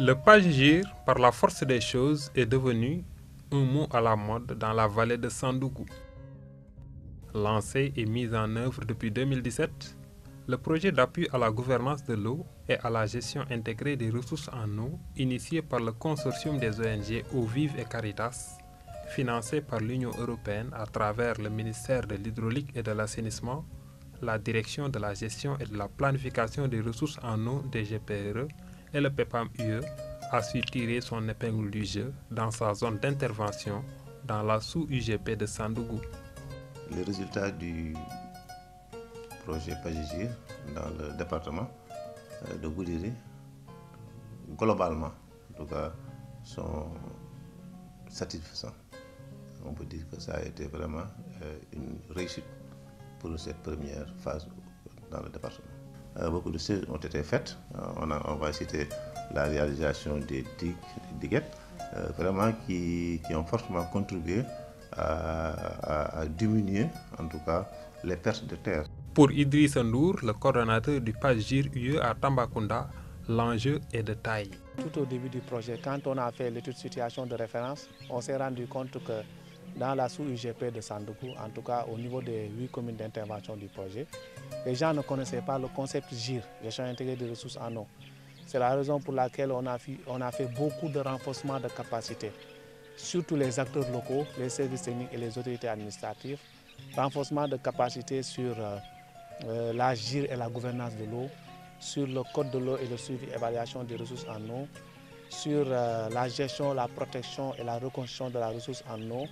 Le Pajir, par la force des choses, est devenu un mot à la mode dans la vallée de Sandoukou. Lancé et mis en œuvre depuis 2017, le projet d'appui à la gouvernance de l'eau et à la gestion intégrée des ressources en eau, initié par le consortium des ONG Eau Vive et Caritas, financé par l'Union européenne à travers le ministère de l'Hydraulique et de l'Assainissement, la Direction de la gestion et de la planification des ressources en eau des GPRE, et le PEPAM UE a su tirer son épingle du jeu dans sa zone d'intervention dans la sous-UGP de Sandougou. Les résultats du projet Pagigir dans le département euh, de Goudiri, globalement, en tout cas, sont satisfaisants. On peut dire que ça a été vraiment euh, une réussite pour cette première phase dans le département. Euh, beaucoup de choses ont été faites. Euh, on, on, va citer la réalisation des digues, diguettes, euh, vraiment qui, qui, ont fortement contribué à, diminuer, en tout cas, les pertes de terre. Pour Idriss Ndour, le coordonnateur du PASGIR UE à Tambacounda, l'enjeu est de taille. Tout au début du projet, quand on a fait l'étude de situation de référence, on s'est rendu compte que dans la sous-UGP de Sandoku, en tout cas au niveau des huit communes d'intervention du projet, les gens ne connaissaient pas le concept GIR, Gestion intégrée des ressources en eau. C'est la raison pour laquelle on a, fait, beaucoup de renforcement de capacités, surtout les acteurs locaux, les services techniques et les autorités administratives, renforcement de capacités sur euh, euh, la GIR et la gouvernance de l'eau, sur le code de l'eau et le suivi et évaluation des ressources en eau, sur euh, la gestion, la protection et la reconstruction de la ressource en eau,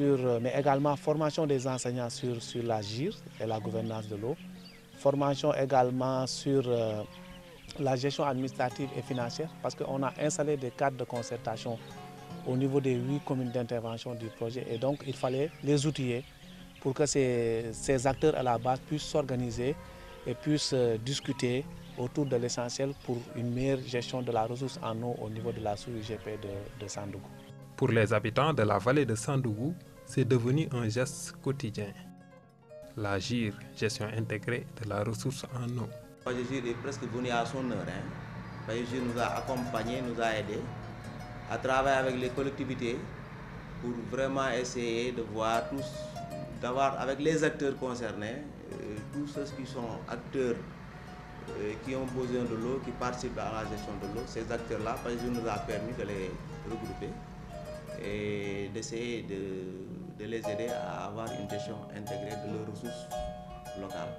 euh, mais également formation des enseignants sur, sur et la gouvernance de l'eau, formation également sur euh, la gestion administrative et financière, parce qu'on a installé des cadres de concertation au niveau des huit communes d'intervention du projet, et donc il fallait les outiller pour que ces, acteurs à la base puissent s'organiser et puissent euh, discuter autour de l'essentiel pour une meilleure gestion de la ressource en eau au niveau de la sous-UGP de, de Sandougou. Pour les habitants de la vallée de Sandougou, c'est devenu un geste quotidien. L'Agir gestion intégrée de la ressource en eau. GIR est presque venu à son heure. Hein. nous a accompagnés, nous a aidés à travailler avec les collectivités pour vraiment essayer de voir tous, d'avoir avec les acteurs concernés, euh, tous ceux qui sont acteurs euh, qui ont besoin de l'eau, qui participent à la gestion de l'eau, ces acteurs-là, GIR nous a permis de les regrouper et d'essayer de, les aider à avoir une gestion intégrée de leurs ressources locales.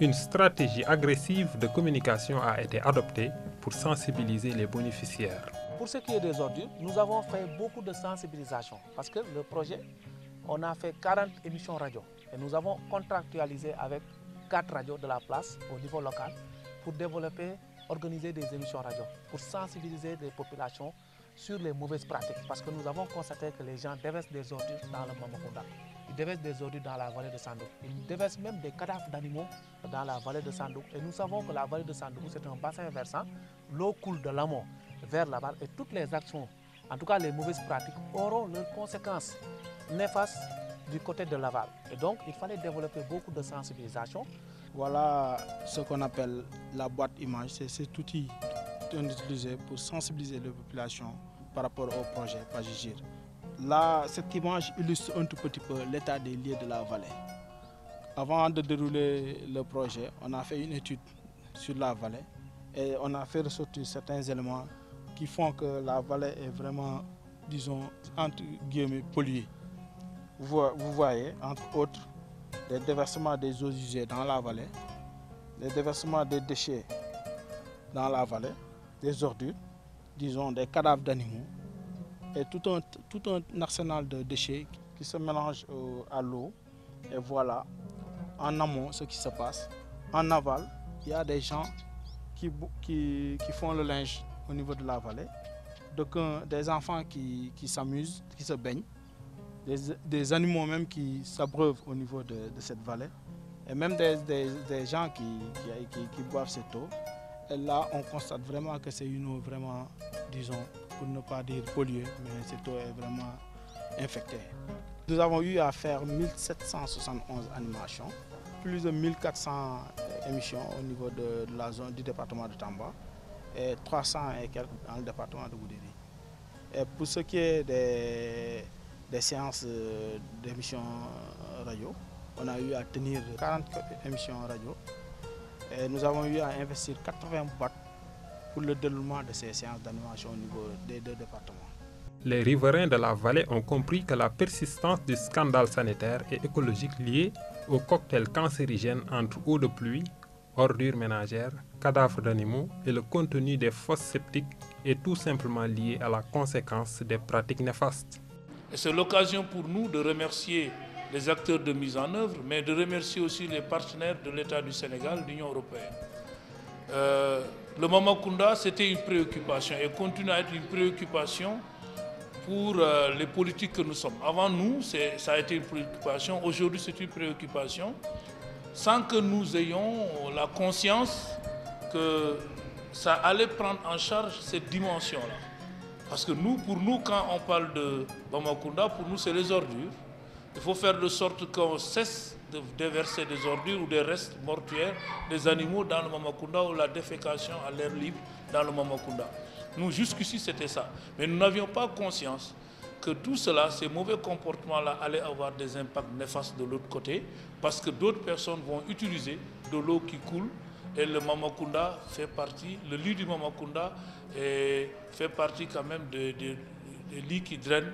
Une stratégie agressive de communication a été adoptée pour sensibiliser les bénéficiaires. Pour ce qui est des ordures, nous avons fait beaucoup de sensibilisation parce que le projet, on a fait 40 émissions radio et nous avons contractualisé avec 4 radios de la place au niveau local pour développer, organiser des émissions radio, pour sensibiliser les populations sur les mauvaises pratiques parce que nous avons constaté que les gens déversent des ordures dans le Mamakunda. Ils déversent des ordures dans la vallée de Sandouk. Ils déversent même des cadavres d'animaux dans la vallée de Sandouk. Et nous savons que la vallée de Sandouk, c'est un bassin versant. L'eau coule de l'amont vers l'aval et toutes les actions, en tout cas les mauvaises pratiques, auront leurs conséquences néfastes du côté de l'aval. Et donc, il fallait développer beaucoup de sensibilisation. Voilà ce qu'on appelle la boîte image, c'est cet outil on utilisait pour sensibiliser la population par rapport au projet Pagigir. Là, cette image illustre un tout petit peu l'état des lieux de la vallée. Avant de dérouler le projet, on a fait une étude sur la vallée et on a fait ressortir certains éléments qui font que la vallée est vraiment, disons, entre guillemets, polluée. vous voyez, entre autres, les déversements des eaux usées dans la vallée, les déversements des déchets dans la vallée, des ordures, disons des cadavres d'animaux et tout un, tout un arsenal de déchets qui se mélangent à l'eau. Et voilà, en amont, ce qui se passe. En aval, il y a des gens qui, qui, font le linge au niveau de la vallée. Donc, des enfants qui, s'amusent, qui se baignent. Des, animaux même qui s'abreuvent au niveau de, cette vallée. Et même des, des gens qui boivent cette eau là, on constate vraiment que c'est une eau vraiment, disons, pour ne pas dire polluée, mais cette eau est vraiment infectée. Nous avons eu à faire 1771 animations, plus de 1400 émissions au niveau de, la zone du département de Tamba et 300 et quelques dans le département de Goudéry. Et pour ce qui est des, des séances euh, d'émissions euh, radio, on a eu à tenir 40 émissions radio nous avons eu à investir 80 watts pour le déroulement de ces séances d'animation au niveau des deux départements. Les riverains de la vallée ont compris que la persistance du scandale sanitaire et écologique lié au cocktail cancérigène entre eau de pluie, ordures ménagères, cadavres d'animaux et le contenu des fosses sceptiques est tout simplement lié à la conséquence des pratiques néfastes. C'est l'occasion pour nous de remercier les acteurs de mise en œuvre, mais de remercier aussi les partenaires de l'État du Sénégal, l'Union européenne. Euh, le Mamakunda, c'était une préoccupation et continue à être une préoccupation pour euh, les politiques que nous sommes. Avant nous, ça a été une préoccupation. Aujourd'hui, c'est une préoccupation sans que nous ayons la conscience que ça allait prendre en charge cette dimension-là. Parce que nous, pour nous, quand on parle de Mamakunda, pour nous, c'est les ordures. Il faut faire de sorte qu'on cesse de déverser des ordures ou des restes mortuaires des animaux dans le Mamakunda ou la défécation à l'air libre dans le Mamakunda. Nous, jusqu'ici, c'était ça. Mais nous n'avions pas conscience que tout cela, ces mauvais comportements-là, allaient avoir des impacts néfastes de l'autre côté, parce que d'autres personnes vont utiliser de l'eau qui coule. Et le Mamakunda fait partie, le lit du Mamakunda fait partie quand même des de, lits qui drainent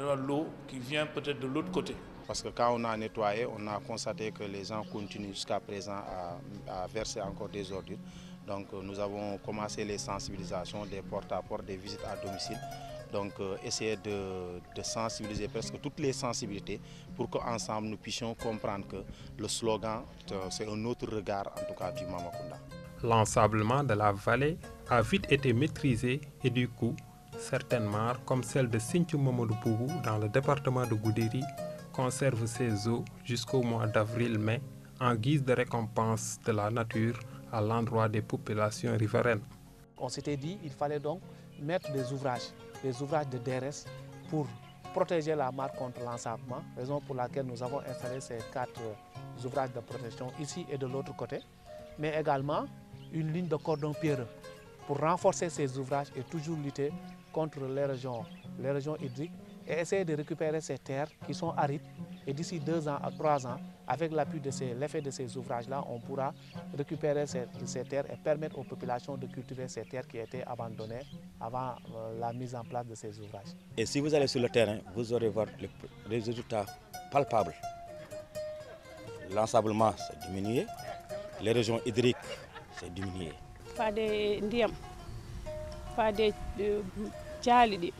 euh, l'eau qui vient peut-être de l'autre côté. Parce que quand on a nettoyé, on a constaté que les gens continuent jusqu'à présent à, verser encore des ordures. Donc euh, nous avons commencé les sensibilisations, des porte à porte, des visites à domicile. Donc euh, essayer de, sensibiliser presque toutes les sensibilités pour qu'ensemble nous puissions comprendre que le slogan, c'est un autre regard en tout cas du Mamakunda. L'ensablement de la vallée a vite été maîtrisé et du coup, Certaines mares, comme celle de Momodou Pougou dans le département de Goudiri, conservent ses eaux jusqu'au mois d'avril-mai en guise de récompense de la nature à l'endroit des populations riveraines. On s'était dit qu'il fallait donc mettre des ouvrages, des ouvrages de DRS pour protéger la mare contre l'ensablement, raison pour laquelle nous avons installé ces quatre euh, ouvrages de protection ici et de l'autre côté, mais également une ligne de cordon pierreux pour renforcer ces ouvrages et toujours lutter contre régions, les régions hydriques et essayer de récupérer ces terres qui sont arides. Et d'ici deux ans à trois ans, avec l'appui de l'effet de ces ouvrages-là, on pourra récupérer ces, terres et permettre aux populations de cultiver ces terres qui étaient abandonnées avant euh, la mise en place de ces ouvrages. Et si vous allez sur le terrain, vous aurez voir les, résultats palpables. L'ensablement s'est diminué, les régions hydriques s'est diminué. Pas pas de euh, caali ɗi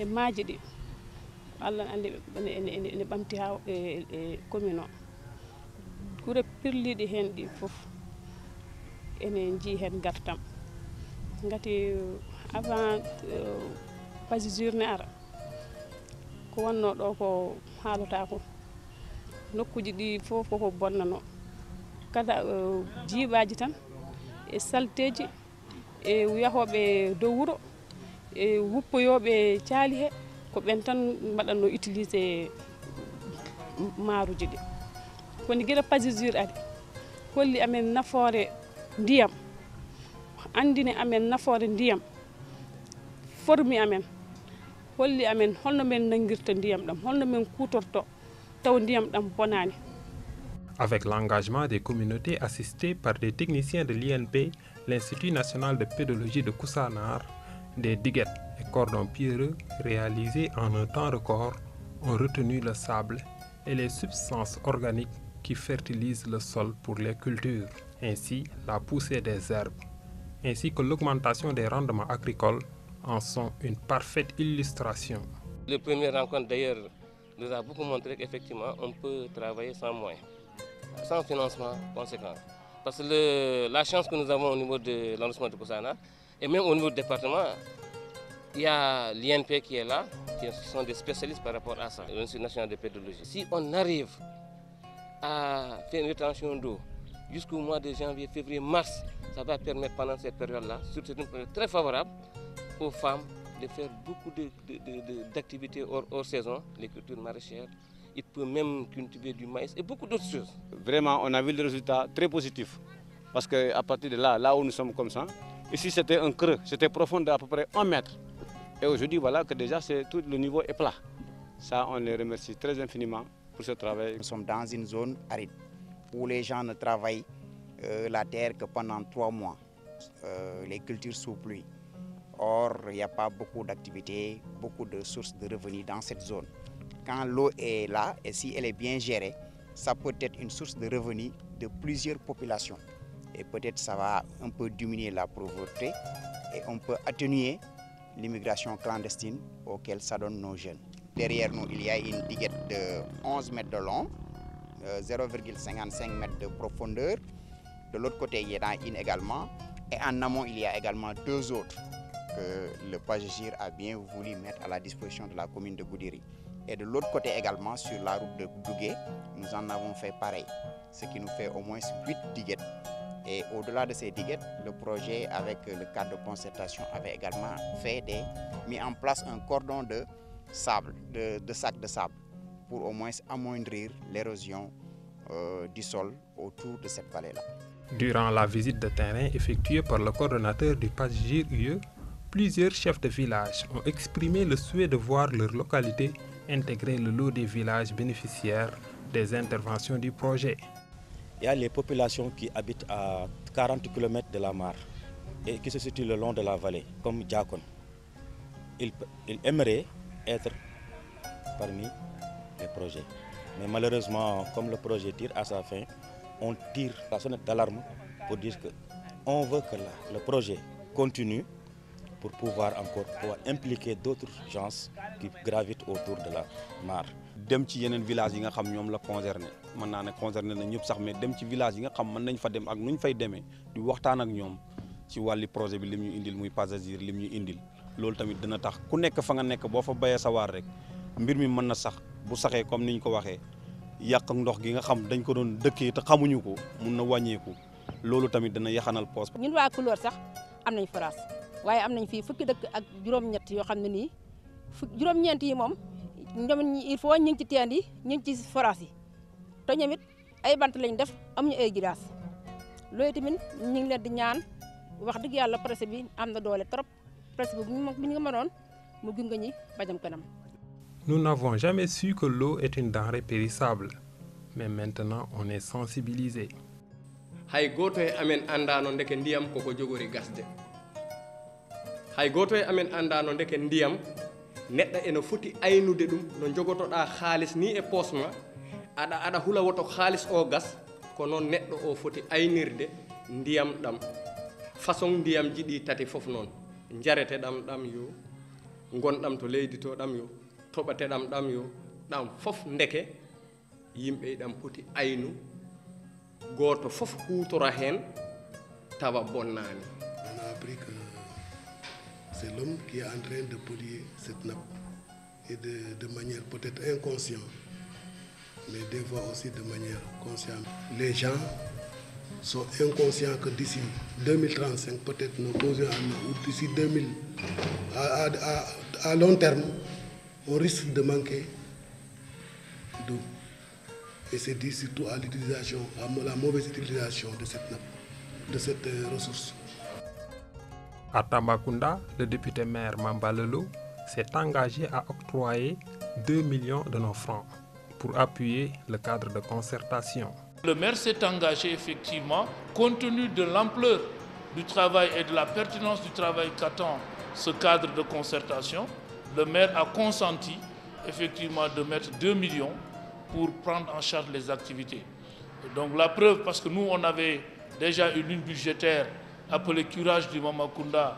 e maaji ɗi allah ne anndi ne ɓamti haa e, e, e commune o kure pirliɗi heen ɗi fof ene njii heen gartam ngati avant e, pasi journé ara ko wonno ɗo ko haalotaako nokkuji ɗi fof koko bonnano kala jiiɓaaji tan e salteeji e yahooɓe dow wuro e wuppoyoɓe caali he ko ɓen tan mbaɗatno utilisé maaruji ɗi koni gueɗe pasisure ari holli amen nafoore ndiyam andini amen nafoore ndiyam formi amen holli amen holno men nangirta ndiyam ɗam holno men kutorto taw ndiyam ɗam bonani Avec l'engagement des communautés assistées par des techniciens de l'INP, l'Institut national de pédologie de Koussanar des diguettes et cordons pierreux réalisés en un temps record ont retenu le sable et les substances organiques qui fertilisent le sol pour les cultures, ainsi la poussée des herbes, ainsi que l'augmentation des rendements agricoles en sont une parfaite illustration. Les premières rencontres d'ailleurs nous a beaucoup montré qu'effectivement on peut travailler sans moyens, sans financement conséquent. Parce que la chance que nous avons au niveau de lancement de Koussana, et même au niveau du département, il y a l'INP qui est là, qui sont des spécialistes par rapport à ça, l'Institut national de pédologie. Si on arrive à faire une rétention d'eau jusqu'au mois de janvier, février, mars, ça va permettre pendant cette période-là, surtout une période très favorable aux femmes de faire beaucoup d'activités de, hors, saison, les cultures maraîchères. Il peut même cultiver du maïs et beaucoup d'autres choses. Vraiment, on a vu des résultats très positifs, Parce qu'à partir de là, là où nous sommes comme ça, Ici, c'était un creux, c'était profond d'à peu près un mètre. Et aujourd'hui, voilà que déjà, tout le niveau est plat. Ça, on les remercie très infiniment pour ce travail. Nous sommes dans une zone aride où les gens ne travaillent euh, la terre que pendant trois mois. Euh, les cultures sous pluie. Or, il n'y a pas beaucoup d'activités, beaucoup de sources de revenus dans cette zone. Quand l'eau est là, et si elle est bien gérée, ça peut être une source de revenus de plusieurs populations et peut-être ça va un peu diminuer la pauvreté et on peut atténuer l'immigration clandestine auquel s'adonnent nos jeunes. Derrière nous, il y a une diguette de 11 mètres de long, 0,55 euh, mètres de profondeur. De l'autre côté, il y en a une également. Et en amont, il y a également deux autres que le Pagir a bien voulu mettre à la disposition de la commune de Goudiri. Et de l'autre côté également, sur la route de Dougué, nous en avons fait pareil, ce qui nous fait au moins 8 diguettes. Et au-delà de ces diguettes, le projet avec euh, le cadre de concertation avait également fait des, mis en place un cordon de sable, de, sacs de sable, pour au moins amoindrir l'érosion euh, du sol autour de cette vallée-là. Durant la visite de terrain effectuée par le coordonnateur du pass e, plusieurs chefs de village ont exprimé le souhait de voir leur localité intégrer le lot des villages bénéficiaires des interventions du projet. Il y a les populations qui habitent à 40 km de la mare et qui se situent le long de la vallée, comme Diakon. Ils, ils aimeraient être parmi les projets. Mais malheureusement, comme le projet tire à sa fin, on tire la sonnette d'alarme pour dire qu'on veut que le projet continue pour pouvoir encore pour impliquer d'autres gens qui gravitent autour de la mare. dem ci yeneen village yi nga xam ñoom la concerné mën naa ne concerné na ñëpp sax mais dem ci village yi nga xam mën nañ fa dem ak nuñ fay demee di waxtaan ak ñoom ci wàlli projet bi lim ñu indil muy passager lim ñu indil loolu tamit dina tax ku nekk fa nga nekk boo fa bayee sa waar rek mbir mi mën na sax bu saxee comme niñ ko waxee yàq ndox gi nga xam dañ ko doon dëkkee te xamuñu ko mun na wàññeeku loolu tamit dana yaxanal poos ñun waa couleur sax am nañ forage waye amnañ fi fii fukki dëkk ak juróom-ñett yo xamni ni nii ñent juróom-ñeent yi moom ñoom il faut ñing ci teen yi ñu ci forage yi te ñoom ay bant lañ def amuñu ay giraas loolu tamit ñing ngi leen di ñaan wax dëgg yalla projet bi amna doole trop projet bi bu nga maron mu gunge ñi ba jëm kanam. Nous n'avons jamais su que l'eau est une denrée périssable mais maintenant on est sensibilisé. hay goto e amen anndaano ndeke ndiyam koko jogori gasde hay goto e amen anda no deke ndiyam neɗɗo ene foti aynude ɗum no jogotoɗa haalis ni e posma aɗa aɗa hula woto haalis o gas ko noon neɗɗo o foti aynirde ndiyam ɗam façon ndiyam jiɗi tati foof noon jarete ɗam ɗam yo gonɗam to leydi to ɗam yo toɓate ɗam ɗam yo ɗam foof ndeke yimɓe ɗam poti aynu goto foof hutora hen tawa bonnani anabrique C'est l'homme qui est en train de polier cette nappe et de, manière peut-être inconsciente, mais des fois aussi de manière consciente. Les gens sont inconscients que d'ici 2035, peut-être nos besoins ou d'ici 2000, à, long terme, on risque de manquer d'eau. Et c'est dû surtout à l'utilisation, à la mauvaise utilisation de cette nappe, de cette euh, ressource. À Tambacounda, le député maire Mambalelo s'est engagé à octroyer 2 millions de nos francs pour appuyer le cadre de concertation. Le maire s'est engagé effectivement, compte tenu de l'ampleur du travail et de la pertinence du travail qu'attend ce cadre de concertation, le maire a consenti effectivement de mettre 2 millions pour prendre en charge les activités. donc la preuve, parce que nous, on avait déjà une ligne budgétaire appelé curage du Mamakunda,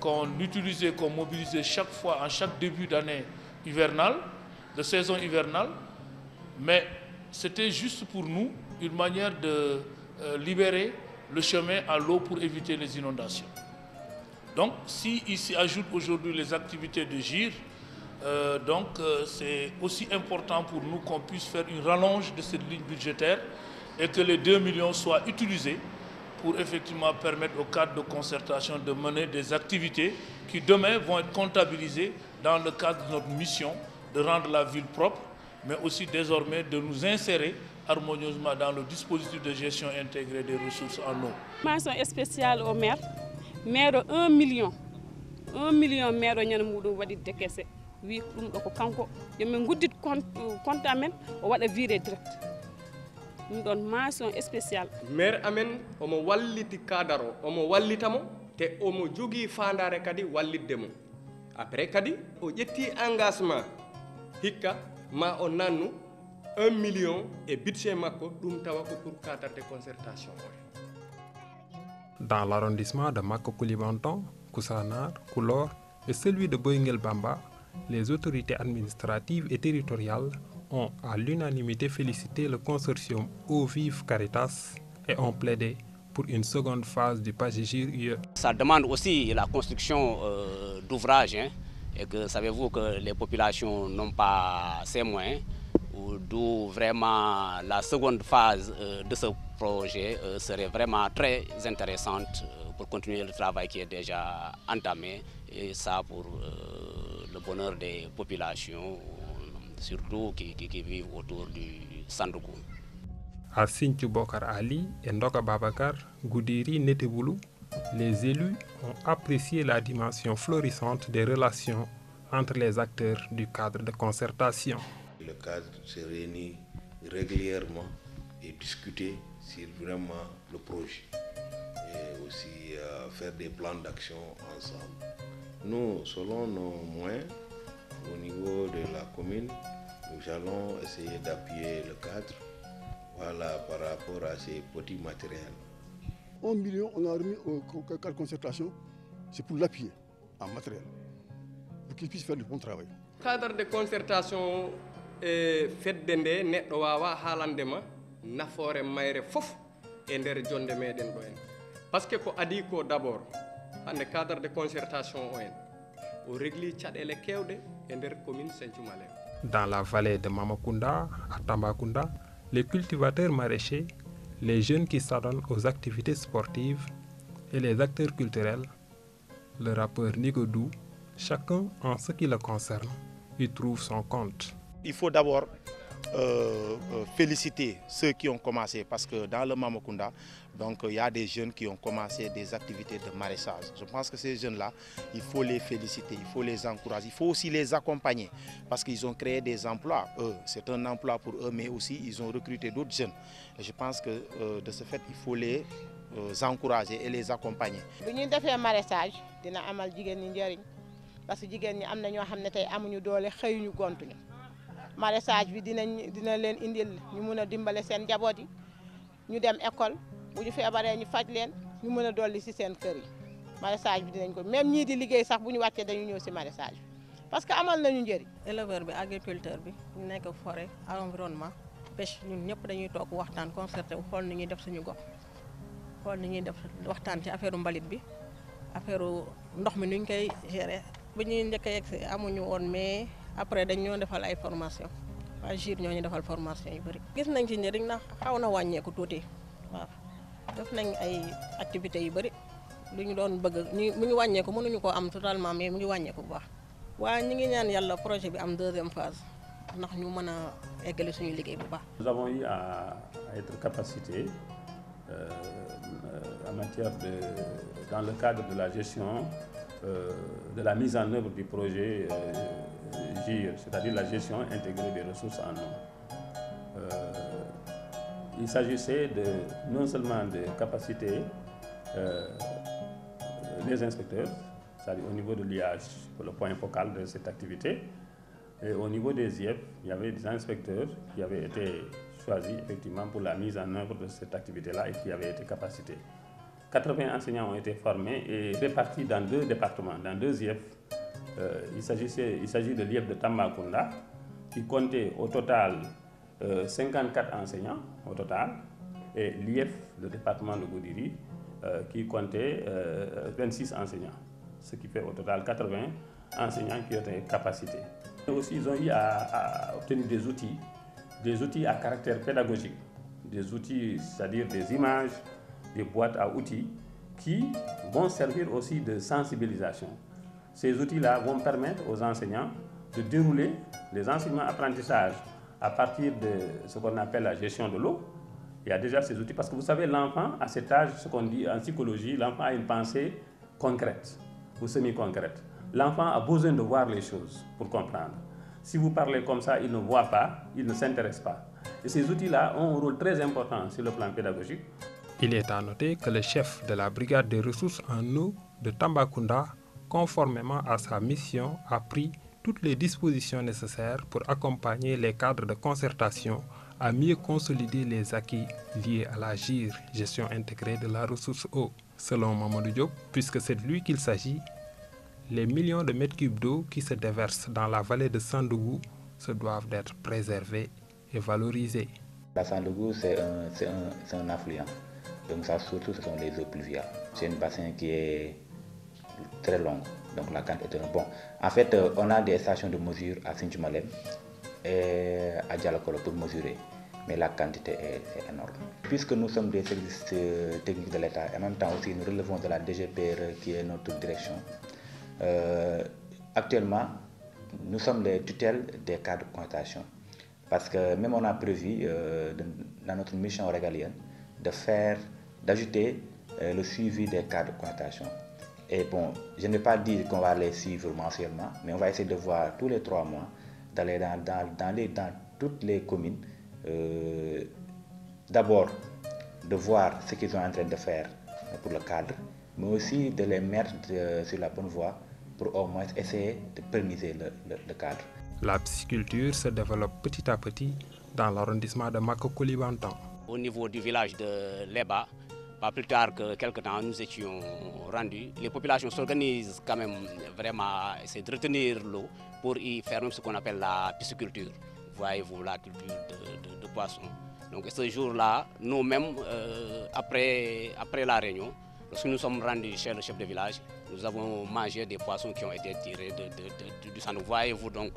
qu'on utilisait, qu'on mobilisait chaque fois, en chaque début d'année hivernale, de saison hivernale. Mais c'était juste pour nous une manière de euh, libérer le chemin à l'eau pour éviter les inondations. Donc, si ici ajoute aujourd'hui les activités de GIR, euh, donc euh, c'est aussi important pour nous qu'on puisse faire une rallonge de cette ligne budgétaire et que les 2 millions soient utilisés pour effectivement permettre au cadre de concertation de mener des activités qui demain vont être comptabilisées dans le cadre de notre mission de rendre la ville propre, mais aussi désormais de nous insérer harmonieusement dans le dispositif de gestion intégrée des ressources en eau. Mention spéciale au maire, maire 1 million, 1 million de maires waɗi décaissé wi ɗum ɗo ko kanko yomin guddit compte amen o viré ɗum une mention spéciale. maire amen omo walliti kadaro, o omo wallitamo te omo jogii fandare kadi wallitde après kadi o ƴetti engagement hikka ma o nannu 1 million et budget makko dum tawako pour cadre de concertation dans l'arrondissement de makko koulibanton koussanar Koulor et celui de boyguel bamba les autorités administratives et territoriales ont à l'unanimité félicité le consortium Eau Caritas et ont plaidé pour une seconde phase du Pagigir e. Ça demande aussi la construction euh, d'ouvrages hein. et que savez-vous que les populations n'ont pas ces moyens, d'où vraiment la seconde phase euh, de ce projet euh, serait vraiment très intéressante pour continuer le travail qui est déjà entamé et ça pour le bonheur des populations surtout qui, qui, vivent autour du À Sintu Bokar Ali et Ndoka Babakar, Goudiri Neteboulou, les élus ont apprécié la dimension florissante des relations entre les acteurs du cadre de concertation. Le cadre se réunit régulièrement et discuter sur vraiment le projet et aussi euh, faire des plans d'action ensemble. Nous, selon nos moyens, au niveau de la commune, nous allons essayer d'appuyer le cadre voilà, par rapport à ces petits matériels. Un million, on a remis au cadre de concertation, c'est pour l'appuyer en matériel, pour qu'il puisse faire du bon travail. Le cadre de concertation fait nde neɗɗo wawa halandema, à l'endemain, fof et nder jonde meɗen Parce que ko adi ko cadre de concertation dans la vallée de mamakunda à Tambakunda, les cultivateurs maraîchers les jeunes qui s'adonnent aux activités sportives et les acteurs culturels le rappeur Nigodou chacun en ce qui le concerne y trouve son compte il faut d'abord euh, euh, féliciter ceux qui ont commencé parce que dans le Mamakunda, donc il y a des jeunes qui ont commencé des activités de maraissage, Je pense que ces jeunes-là, il faut les féliciter, il faut les encourager, il faut aussi les accompagner parce qu'ils ont créé des emplois. Eux, c'est un emploi pour eux, mais aussi ils ont recruté d'autres jeunes. je pense que euh, de ce fait, il faut les encourager et les accompagner. parce que maraîchage bi dinañ dina leen indil ñu mun a dimbale seen njaboot yi ñu dem école bu ñu feebaree ñu faj leen ñu mën a dolli si seen kër yi maraîchage bi dinañ ko même ñii di liggéey sax bu ñu wàccee dañu ñëw si maraîchage bi parce que amal nañu njëriñ. éleveur bi agriculteur bi ñu nekk forêt environnement pêche ñun ñëpp dañuy toog waxtaan concerté wu xool ni ñuy def ñu gox xool ni ñuy def waxtaan ci affaire mbalit bi affaire ndox mi nuñ koy gérer bu ñuy njëkk a si amuñu woon mais. après dañ ñoo defal ay formation waa jir ñoo ñu defal formation yu bëri gis nañ ci njëriñ na xaw na wàññeeku tuuti waaw def nañ ay activité yu bëri lu ñu doon bëgg ñu mu ngi wàññeeku mënuñu ko am totalement mais mu ngi wàññeeku bu baax waa ñi ngi ñaan yàlla projet bi am deuxième phase ndax ñu mën a eggale suñu liggéey bu baax nous avons eu à être capacité euh, en matière de dans le cadre de la gestion euh, de la mise en œuvre du projet euh, c'est-à-dire la gestion intégrée des ressources en eau. Euh, il s'agissait de, non seulement de capaciter euh, les inspecteurs, c'est-à-dire au niveau de l'IH, le point focal de cette activité, et au niveau des IEP, il y avait des inspecteurs qui avaient été choisis effectivement pour la mise en œuvre de cette activité-là et qui avaient été capacités. 80 enseignants ont été formés et répartis dans deux départements, dans deux IEF, euh, il s'agit de l'IEF de Tambacounda, qui comptait au total 54 euh, enseignants, au total, et l'IEF, du département de Goudiri, euh, qui comptait 26 enseignants, ce qui fait au total 80 enseignants qui ont été capacités. aussi, ils ont eu à, à obtenir des outils, des outils à caractère pédagogique, des outils, c'est-à-dire des images, des boîtes à outils, qui vont servir aussi de sensibilisation. Ces outils-là vont permettre aux enseignants de dérouler les enseignements apprentissages à partir de ce qu'on appelle la gestion de l'eau. Il y a déjà ces outils parce que vous savez, l'enfant, à cet âge, ce qu'on dit en psychologie, l'enfant a une pensée concrète ou semi-concrète. L'enfant a besoin de voir les choses pour comprendre. Si vous parlez comme ça, il ne voit pas, il ne s'intéresse pas. Et ces outils-là ont un rôle très important sur le plan pédagogique. Il est à noter que le chef de la brigade des ressources en eau de Tambacounda conformément à sa mission, a pris toutes les dispositions nécessaires pour accompagner les cadres de concertation à mieux consolider les acquis liés à l'agir gestion intégrée de la ressource eau. Selon Mamadou Diop, puisque c'est de lui qu'il s'agit, les millions de mètres cubes d'eau qui se déversent dans la vallée de Sandougou se doivent d'être préservés et valorisés. La Sandougou, c'est un, un affluent. Donc ça, surtout, ce sont les eaux pluviales. C'est un bassin qui est très longue. Donc la quantité est bon. En fait, euh, on a des stations de mesure à Sint-Jumalem et à Dialakolo pour mesurer. Mais la quantité est, énorme. Puisque nous sommes des services euh, techniques de l'État et en même temps aussi nous relevons de la DGPR qui est notre direction, euh, actuellement nous sommes les tutelles des cas de constatation. Parce que même on a prévu dans notre mission régalienne de faire, d'ajouter le suivi des cas de constatation. Et bon, je ne vais pas dire qu'on va les suivre mensuellement, mais on va essayer de voir tous les trois mois, d'aller dans, toutes les communes, euh, d'abord de voir ce qu'ils sont en train de faire pour le cadre, mais aussi de les mettre euh, sur la bonne voie pour au moins essayer de permiser le, cadre. La pisciculture se développe petit à petit dans l'arrondissement de Makokoli-Bantan. Au niveau du village de Leba, pas plus tard que quelques temps, nous étions rendus. Les populations s'organisent quand même vraiment, c'est de retenir l'eau pour y faire ce qu'on appelle la pisciculture. Voyez-vous, la culture de, poissons. Donc ce jour-là, nous-mêmes, euh, après, après la réunion, lorsque nous sommes rendus chez le chef de village, nous avons mangé des poissons qui ont été tirés de, du sang. Voyez-vous, donc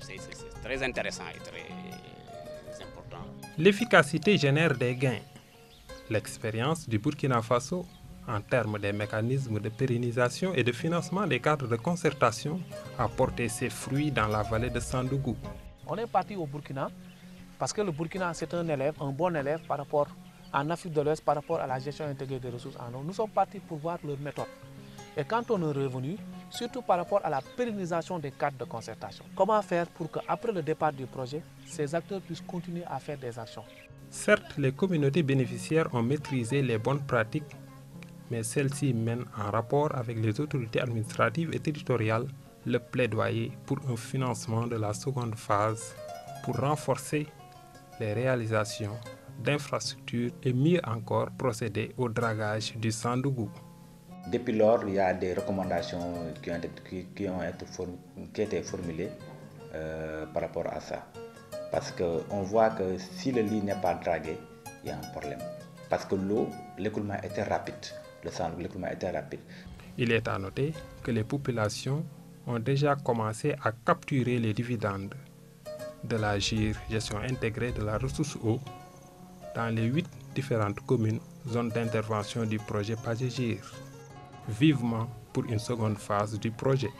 c'est très intéressant et très important. L'efficacité génère des gains l'expérience du Burkina Faso en termes des mécanismes de pérennisation et de financement des cadres de concertation a porté ses fruits dans la vallée de Sandougou. On est parti au Burkina parce que le Burkina, c'est un élève, un bon élève par rapport en Afrique de l'Ouest, par rapport à la gestion intégrée des ressources en eau. Nous sommes partis pour voir leur méthode. Et quand on est revenu, surtout par rapport à la pérennisation des cadres de concertation, comment faire pour qu'après le départ du projet, ces acteurs puissent continuer à faire des actions Certes, les communautés bénéficiaires ont maîtrisé les bonnes pratiques, mais celles-ci mènent en rapport avec les autorités administratives et territoriales le plaidoyer pour un financement de la seconde phase pour renforcer les réalisations d'infrastructures et mieux encore procéder au dragage du Sandougou. Depuis lors, il y a des recommandations qui ont été, formulées euh, par rapport à ça. Parce qu'on voit que si le lit n'est pas dragué, il y a un problème. Parce que l'eau, l'écoulement était rapide. Le sang, l'écoulement était rapide. Il est à noter que les populations ont déjà commencé à capturer les dividendes de la GIR, gestion intégrée de la ressource eau, dans les huit différentes communes, zones d'intervention du projet Pagé-GIR. Vivement pour une seconde phase du projet.